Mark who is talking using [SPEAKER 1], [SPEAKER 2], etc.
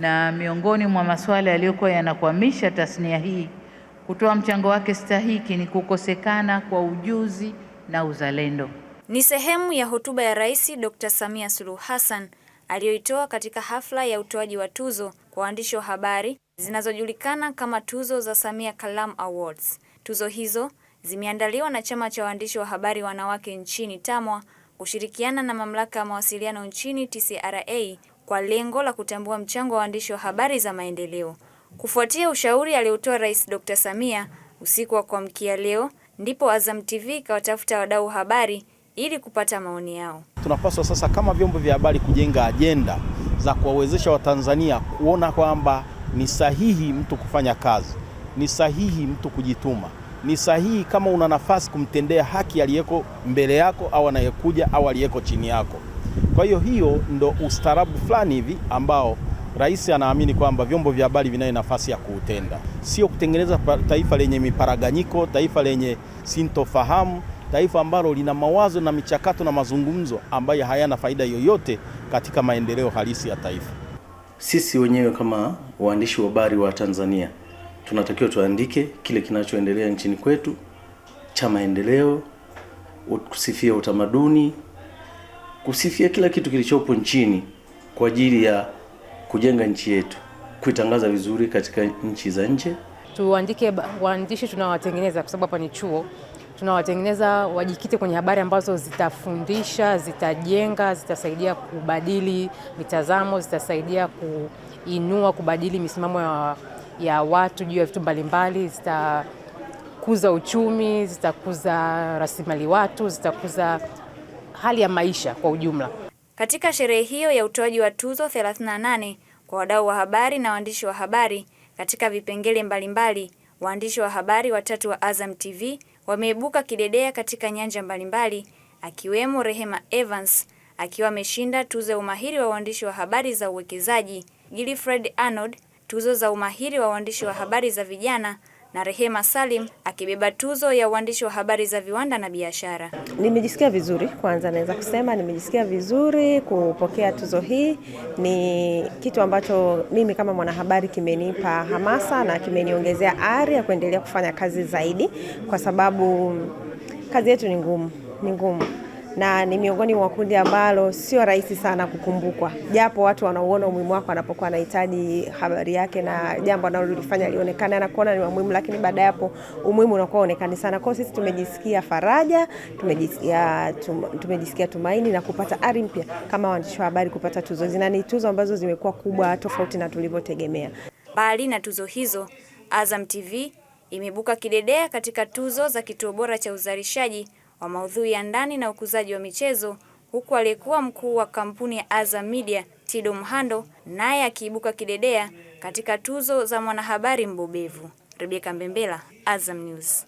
[SPEAKER 1] na miongoni mwa masuala yaliyokuwa yanakwamisha tasnia hii kutoa mchango wake stahiki ni kukosekana kwa ujuzi na uzalendo.
[SPEAKER 2] Ni sehemu ya hotuba ya Rais Dr. Samia Suluhu Hassan aliyoitoa katika hafla ya utoaji wa tuzo kwa waandishi wa habari zinazojulikana kama tuzo za Samia Kalam Awards. Tuzo hizo zimeandaliwa na Chama cha Waandishi wa Habari Wanawake nchini TAMWA kushirikiana na Mamlaka ya Mawasiliano nchini TCRA kwa lengo la kutambua mchango wa waandishi wa habari za maendeleo. Kufuatia ushauri aliotoa Rais Dr. Samia usiku wa kuamkia leo, ndipo Azam TV ikawatafuta wadau habari ili kupata maoni yao.
[SPEAKER 3] Tunapaswa sasa kama vyombo vya habari kujenga ajenda za kuwawezesha Watanzania kuona kwamba ni sahihi mtu kufanya kazi, ni sahihi mtu kujituma, ni sahihi kama una nafasi kumtendea haki aliyeko mbele yako au anayekuja au aliyeko chini yako. Kwa hiyo hiyo ndo ustaarabu fulani hivi ambao rais anaamini kwamba vyombo vya habari vinayo nafasi ya kuutenda, sio kutengeneza taifa lenye miparaganyiko, taifa lenye sintofahamu, taifa ambalo lina mawazo na michakato na mazungumzo ambayo hayana faida yoyote katika maendeleo halisi ya taifa.
[SPEAKER 4] Sisi wenyewe kama waandishi wa habari wa Tanzania tunatakiwa tuandike kile kinachoendelea nchini kwetu cha maendeleo, kusifia utamaduni kusifia kila kitu kilichopo nchini kwa ajili ya kujenga nchi yetu, kuitangaza vizuri katika nchi za nje.
[SPEAKER 5] Tuandike waandishi tunawatengeneza, kwa sababu hapa ni chuo, tunawatengeneza wajikite kwenye habari ambazo zitafundisha, zitajenga, zitasaidia kubadili mitazamo, zitasaidia kuinua, kubadili misimamo ya, ya watu juu ya vitu mbalimbali, zitakuza uchumi, zitakuza rasilimali watu, zitakuza hali ya maisha kwa ujumla.
[SPEAKER 2] Katika sherehe hiyo ya utoaji wa tuzo 38 kwa wadau wa habari na waandishi wa habari katika vipengele mbalimbali, waandishi wa habari watatu wa Azam TV wameibuka kidedea katika nyanja mbalimbali, akiwemo Rehema Evans akiwa ameshinda tuzo ya umahiri wa waandishi wa habari za uwekezaji, Gilfred Arnold tuzo za umahiri wa waandishi wa habari za vijana na Rehema Salim akibeba tuzo ya uandishi wa habari za viwanda na biashara.
[SPEAKER 6] Nimejisikia vizuri, kwanza naweza kusema nimejisikia vizuri kupokea tuzo hii. Ni kitu ambacho mimi kama mwanahabari kimenipa hamasa na kimeniongezea ari ya kuendelea kufanya kazi zaidi, kwa sababu kazi yetu ni ngumu, ni ngumu na ni miongoni mwa kundi ambalo sio rahisi sana kukumbukwa, japo watu wanauona umuhimu wako anapokuwa anahitaji habari yake na jambo analolifanya lionekane anakuona ni muhimu, lakini baada ya hapo umuhimu unakuwa onekani sana. Kwa sisi tumejisikia faraja, tumejisikia, tum, tumejisikia tumaini na kupata ari mpya kama waandishi wa habari kupata tuzo hizi, na ni tuzo ambazo zimekuwa kubwa tofauti na tulivyotegemea.
[SPEAKER 2] Mbali na tuzo hizo, Azam TV imebuka kidedea katika tuzo za kituo bora cha uzalishaji wa maudhui ya ndani na ukuzaji wa michezo, huku aliyekuwa mkuu wa kampuni ya Azam Media Tido Mhando naye akiibuka kidedea katika tuzo za mwanahabari mbobevu. Rebeka Mbembela, Azam News.